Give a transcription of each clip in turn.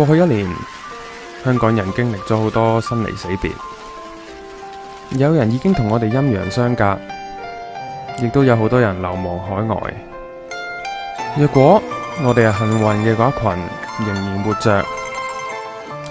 過去一年，香港人經歷咗好多生離死別，有人已經同我哋陰陽相隔，亦都有好多人流亡海外。若果我哋係幸運嘅嗰一群，仍然活着，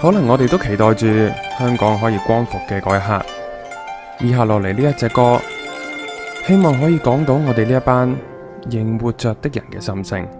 可能我哋都期待住香港可以光復嘅嗰一刻。以下落嚟呢一隻歌，希望可以講到我哋呢一班仍活着的人嘅心聲。